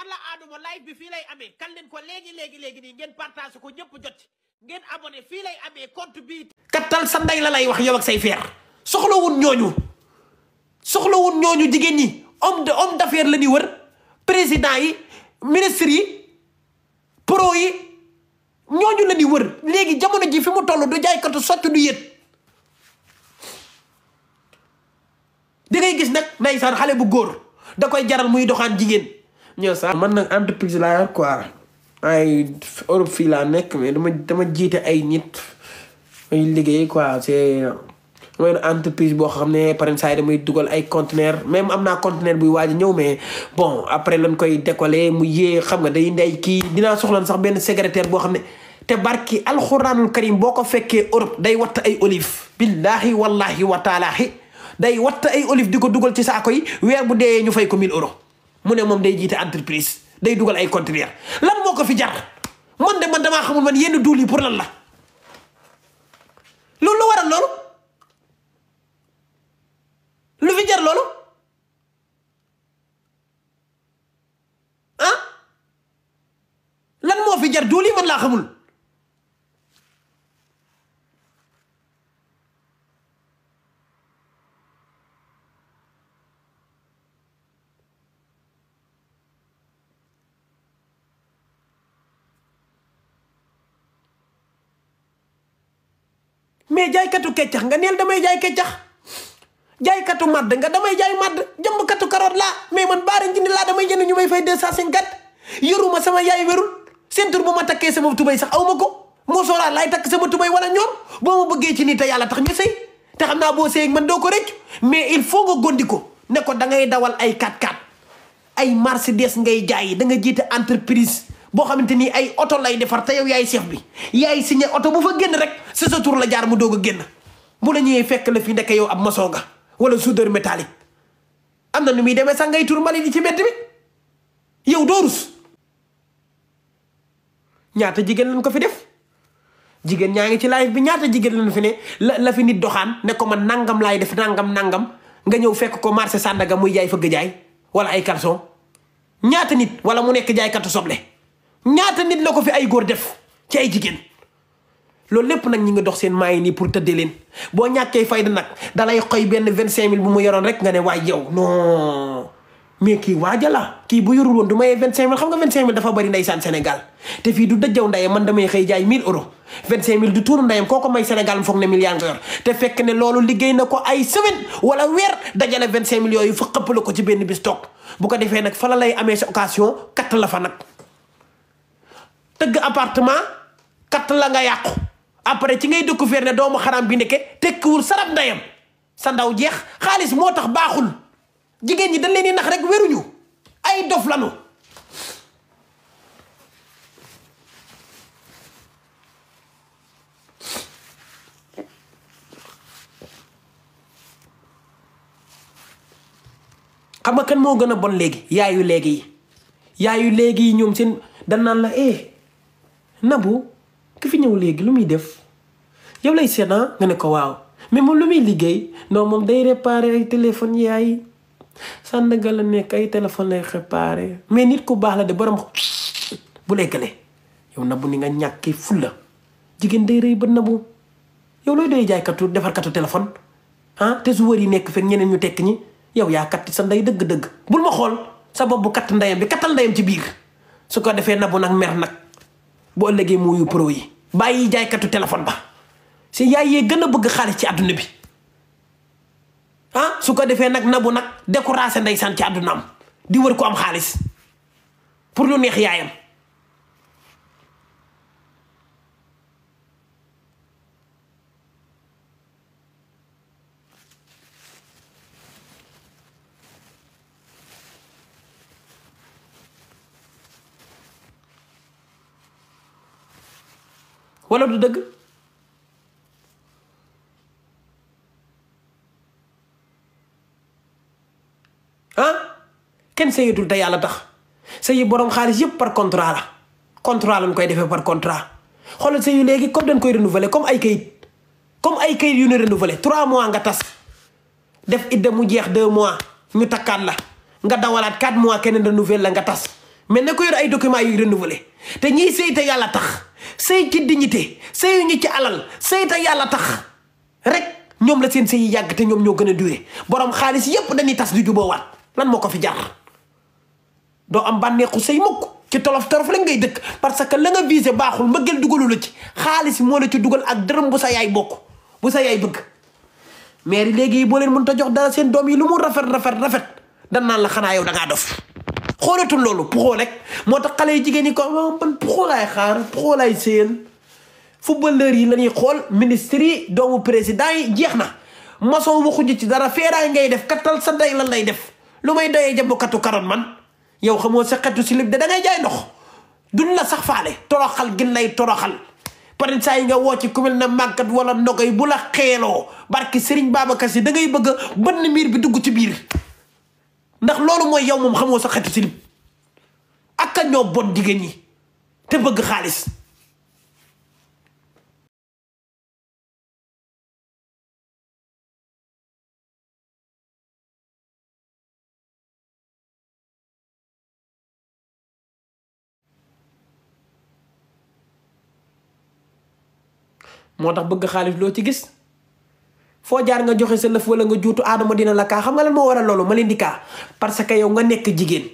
alla aaduma live bi fii lay amee kan leen ko léegi léegi léegi nii ngeen partage ko ñëpp jot ngeen abonné fii lay amee compte bi kattal sa ndey la lay wax yow ak say feer soxlawul ñooñu soxlawul ñooñu jigéen ñi homme de homme d'affaires la ñuy wër président yi ministre yi pro yi ñooñu la ñuy wër léegi jamono ji fi mu toll du jaaykatu socc du yët da ngay gis nag ndeysaan xale bu góor da koy jaral muy doxaan jigéen ñëw sax man na entreprise laa yor quoi ay Europe fii laa nekk mais dama dama jiite ay nit may liggéey quoi c'est mooy entreprise boo xam ne par exemple dugal ay conteneur même am naa conteneur buy waaj a ñëw mais bon après lañ koy décoller mu yee xam nga day ndey kii dinaa soxlan sax benn secrétaire boo xam ne te barki alxuraanul karim boo ko fekkee Europe day watt ay olive billahi wallahi wa taalaahi day watt ay olive di ko dugal ci saako yi weer bu deeyee ñu fay ko 1000 euros mu ne moom day jiite entreprise day dugal ay conteneur lan moo ko fi jar man de man damaa xamul man yenn duul yi pour lan la loolu lu waral loolu lu fi jar loolu ah lan moo fi jar duul man laa xamul. mais jaaykatu keccax nga neel damay jaay keccax jaaykatu madd nga damay jaay madd jëmbkatu karoot laa mais man baara njindi laa damay jënd ñu may fay deux cent cinquante yoruma sama yaay wérul ceinture bu ma takkee sama tubéy sax aw ma ko moo soolaa laay takk sama tubay wala ñoom boo ma bëggee ci nii te yàlla tax ñu sëy te xam naa boo sëyeeg man doo ko rëcc mais il faut nga gondi ko ne ko da ngay dawal ay 4x4 ay Mercedes ngay jaay da nga jiite entreprise boo xamante ni ay oto lay defar te yow yaay chef bi yaay signé oto bu fa génn rek sa sa tur la jaar mu doog a génn bu la ñëwee fekk la fi ndeke yow ab maçon nga wala soudeur métallique am na nu muy demee sax ngay tur ci mbedd yow doo rus ñaata jigéen lañ ko fi def jigéen ñaa ngi ci live bi ñaata jigéen lañ fi ne la la fi nit doxaan ne ko man nangam laay def nangam nangam nga ñëw fekk ko marché Sandaga muy jaay fëgg jaay wala ay caleçon ñaata nit wala mu nekk jaaykatu soble. ñaata nit la ko fi ay góor def ci ay jigéen loolu lépp nag ñi ngi dox seen maa yi nii pour tëdde leen boo ñàkkee fayda nag dalay xoy benn vingt cinq mille bu mu yoroon rek nga ne waay yow noo mais kii waaja la kii bu yorul woon du mayee vingt cinq mille xam nga vingt cinq mille dafa bëri ndeysaan Sénégal te fii du dëjjaw ndayam man damay xëy jaay mille euros vingt cinq mill du tuuru ndayam koo ko may Sénégal mu foog ne milliard nga yor te fekk loolu liggéey na ko ay semaine wala weer dajale vingt cinq mille yooyu fa xëppale ko ci benn bis toog ko defee nag fa lay amee sa occasion katt la fa nag tëgg appartement katt la nga yàqu après ci ngay dëkk découvrir ne doomu xaram bi ndeke tekkiwul sarab ndeyam sa ndaw jeex xaalis moo tax baaxul jigéen ñi dañ leen di nax rek wéruñu ay dof lanu xam nga kan moo gën a bon léegi yaayu léegi yaayu léegi yi ñoom dan naan la eh nabu ki fi ñëw léegi lu muy def yow lay seet ah, nga ne ko waaw mais moom lu muy liggéey non moom day réparer ay téléphone yaay Sandaga la nekk ay téléphone lay réparer mais nit ku baax la de borom bu lekkale yow Nabou ni nga ñàkkee fulla jigéen day rëy ba Nabou yow looy doy jaaykatu defarkatu téléphone ah te su wër yi nekk fekk ñeneen ñu tekk ñi yow yaa katti sa ndey dëgg-dëgg bul ma xool sa bopp bu katt ndeyam bi kattal ndeyam ci biir su ko defee Nabou nag mer nag boo ëllëgee mooyu pro yi bàyyi jaaykatu téléphone ba si yaay yee gën a bëgg xaalis ci àdduna bi ah su ko defee nag nabu nag découragé ndeysaan ci àdduna am di wër ko am xaalis pour lu neex yaayam wala du dëgg ah kenn sëyatul te yàlla tax sëyi borom xaalis yëpp par contrat la contrat lañ koy defee par contrat xoolal sëyu léegi comme dañ koy renouveler comme ay kayit comme ay kayit yu ne renouveler trois mois nga tas def idda mu jeex deux mois ñu takkaat la nga dawalaat quatre mois keneen renouveler la nga tas mais na ko yor ay documents yuy renouveler te ñiy sëy te yàlla tax sëy ci dignité sëyu ñu ci alal sëy te yàlla tax rek ñoom la seen sëy yi yàgg te ñoom ñoo gën a duré borom xaalis yépp dañuy tas di juboowaat lan moo ko fi jar doo am bànneexu sëy mukk ci tolof tolof lañ ngay dëkk parce que la nga visé baaxul mbëggeel dugalu la ci xaalis moo la ci dugal ak dërëm bu sa yaay bokk bu sa yaay bëgg mais léegi boo leen mënut a jox dara seen doom yi lu mu rafet rafet rafet dan naan la xanaa yow da dof xoolatul loolu Pro rek moo tax xale yu jigéen ñi ko man Pro laay xaar Pro laay séyal footballeur yi la xool ministre yi doomu président yi jeex na maçon waxuñu ci dara feeraay ngay def kattal sa day lan lay def lu may doyee jambukatu karoon man yow xamoo sa xetu silib de da ngay jaay ndox duñ la sax faale toroxal gin lay toroxal pare saa yi nga woo ci ku mel ne màggat wala ndogoy bu la xeeloo barki Serigne Babacar si da ngay bëgg a bënn miir bi dugg ci biir ndax loolu mooy yow moom xamoo sa xetu silib ak ñoo bon jigéen ñi te bëgg xaalis moo tax bëgg xaalis loo ci gis foo jaar nga joxe sa lëf wala nga juutu aadama dina la kaa xam nga lan moo waral loolu ma leen di kaa parce que yow nga nekk jigéen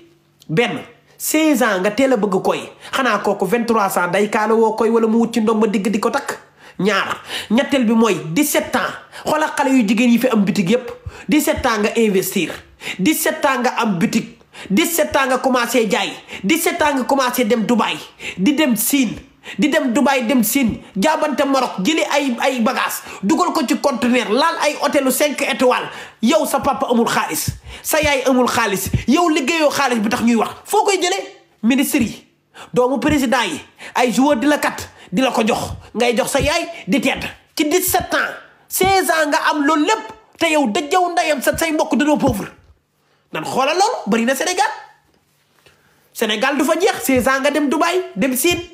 benn 16 ans nga teel a bëgg koy xanaa kooku 23 ans day kaala woo koy wala mu wut ci ndom ma digg di ko takk ñaar ñetteel bi mooy di ans xoola xale yu jigéen yi fi am bitig yépp di ans nga investir di ans nga am bitig 17 ans nga commencé jaay di ans nga commencé dem Dubaï di dem Siin di dem Dubaï dem Siin jaabante Maroc jëli ay ay bagages dugal ko ci conteneur laal ay hôtelu cinq étoiles yow sa papa amul xaalis sa yaay amul xaalis yow liggéeyoo xaalis bi tax ñuy wax foo koy jëlee ministre yi doomu président yi ay joueur di la kat di la ko jox ngay jox sa yaay di tedd ci 17 ans 16 ans nga am loolu lépp te yow dajaw ndeyam sa say mbokk dañoo pauvre nan xoolal loolu bari na Sénégal Sénégal du fa jeex 16 nga dem Dubaï dem Siin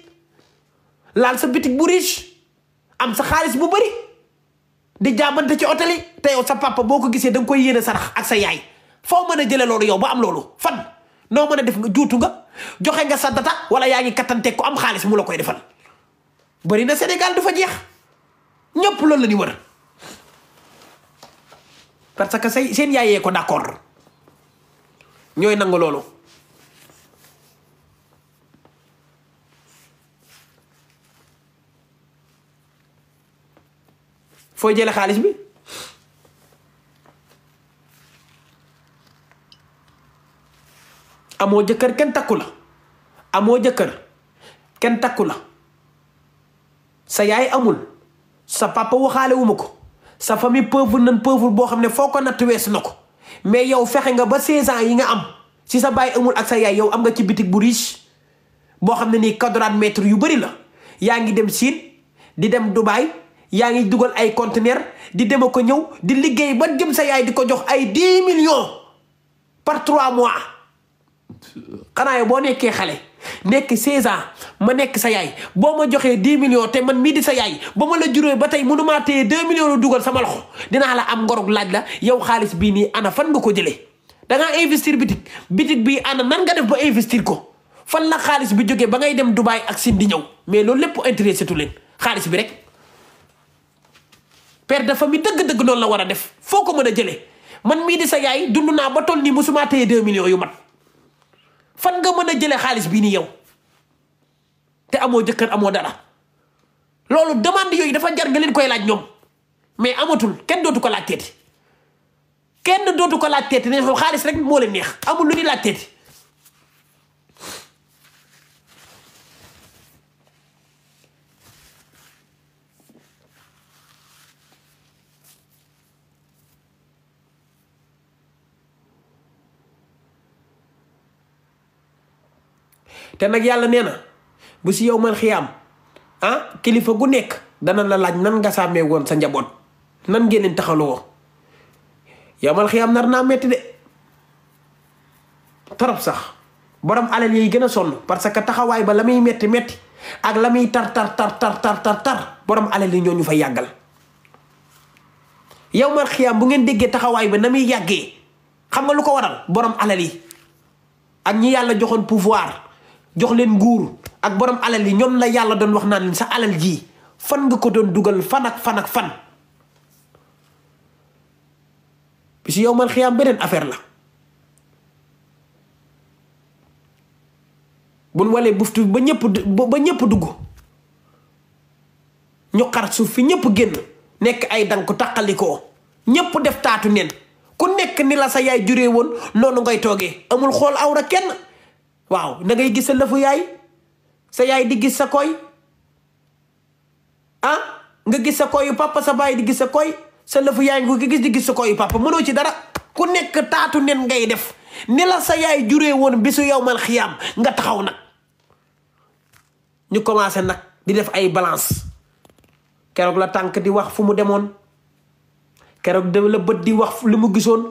laal sa bitig bu riche am sa xaalis bu bari di jaabante ci hôtel yi te yow sa papa boo ko gisee da nga koy yéene sarax ak sa yaay foo mën a jëlee loolu yow ba am loolu fan noo mën a def nga juutu nga joxe nga saddata wala yaa ngi kattante ku am xaalis mu la koy defal bari na Sénégal du fa jeex ñëpp loolu la ñu wër parce que say seen yaayee ko d'accord ñooy nangu loolu foo jële xaalis bi amoo jëkkër kenn takku la amoo jëkkër kenn takku la sa yaay amul sa papa waxaale wu ma ko sa famille pauvre nan pauvre boo xam ne foo ko natt weesu na ko mais yow fexe nga ba 16 yi nga am si sa baay amul ak sa yaay yow am nga ci bitig bu riche boo xam ne nii quadrat mètre yu bari la yaa ngi dem Chine di dem du baay yaa ngi dugal ay conteneur di dem ko ñëw di liggéey ba jëm sa yaay di ko jox ay dix millions par trois mois xanaa yow boo nekkee xale nekk seize ans ma nekk sa yaay boo ma joxee dix millions te man mii di sa yaay ba ma la juróoy ba tey mënumaa téye deux millions lu dugal sama loxo dinaa la am ngorug laaj la yow xaalis bii nii ana fan nga ko jëlee da ngaa investir bitik bitik bii ana nan nga def ba investir ko fan la xaalis bi jógee ba ngay dem Dubaay ak Siin di ñëw mais loolu lépp intéressé tu xaalis bi rek père dafa famille dëgg-dëgg noonu la war a def foo ko mën a jëlee man mii di sa yaay dund naa ba toll nii musuma téye deux millions yu mat fan nga mën a jëlee xaalis bii nii yow te amoo jëkkër amoo dara loolu demande yooyu dafa jar nga leen koy laaj ñoom mais amatul kenn dootu ko laaj teeti kenn dootu ko laaj teeti ne xaalis rek moo leen neex amul lu ñuy laaj teeti te nag yàlla nee na bu si yow man xiyaam ah, kilifa gu nekk dana la laaj nan nga sàmmee woon sa njaboot nan ngeen taxaloo yow man nar naa metti de sax borom alal gën a sonn parce que taxawaay ba la muy metti metti ak la muy tar tar tar tar tar tar borom alal yi ñoo ñu fa yàggal yow man xiyaam bu ngeen déggee taxawaay ba na muy yàggee xam nga lu ko waral boroom alal yi ak ñi yàlla joxoon pouvoir jox leen nguur ak boroom alal yi ñoom la yàlla doon wax naa leen sa alal ji fan nga ko doon dugal fan ak fan ak fan bi si yow man xiyaam beneen affaire la buñ walee buftu ba ñëpp ba ñëpp dugg ñu xar suuf fi ñëpp génn nekk ay danku taqalikoo ñëpp def taatu neen ku nekk ni la sa yaay jure woon noonu ngay toogee amul xool awra kenn waaw da ngay gis sa lëfu yaay sa yaay di gis sa koy ah nga gis sa koyu papa sa baay di gis sa koy sa lëfu yaay nga gis di gis sa koyu papa mënoo ci dara ku nekk taatu nen ngay def ni sa yaay juree woon bisu yowmal xiyaam nga taxaw nag ñu commencé nag di def ay balance keroog la tànk di wax fu mu demoon keroog la bët di wax li mu gisoon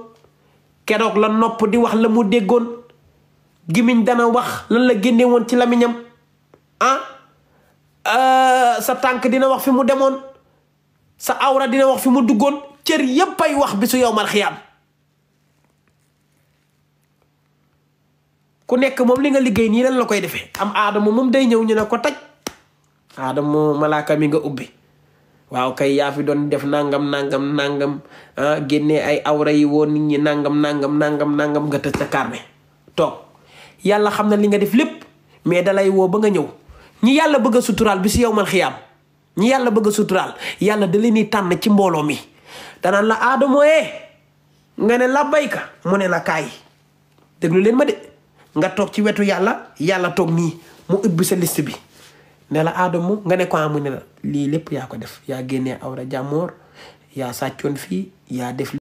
keroog la nopp di wax la mu déggoon gémmiñ dana wax lan la génne woon ci lamiñam ah euh, sa tànk dina wax fi mu demoon sa awra dina wax fi mu duggoon cër yépp ay wax bi yow mal xiyaam ku nekk moom li nga liggéey nii lan la koy defee am aadama moom day ñëw ñu ne ko taj aadama malaaka mi nga ubbi waaw kay yaa fi doon def nangam nangam nangam ah, génne ay awra yi woon nit ñi nangam nangam nangam nangam nga tëj sa yàlla xam na li nga def lépp mais dalay woo ba nga ñëw ñi yàlla bëgg a suturaal bi si yow man am ñi yàlla bëgg a suturaal yàlla da leen di tànn ci mbooloo mi danaan la aadamo ee eh, nga ne la bayka mu ne la kaay déglu leen ma de nga toog ci wetu yàlla yàlla toog nii mu ubbi sa list bi ne la aadamo nga ne ko ah, mu ne la lii lépp yaa ko def yaa génnee awra jàmmoor yaa sàccoon fii yaa def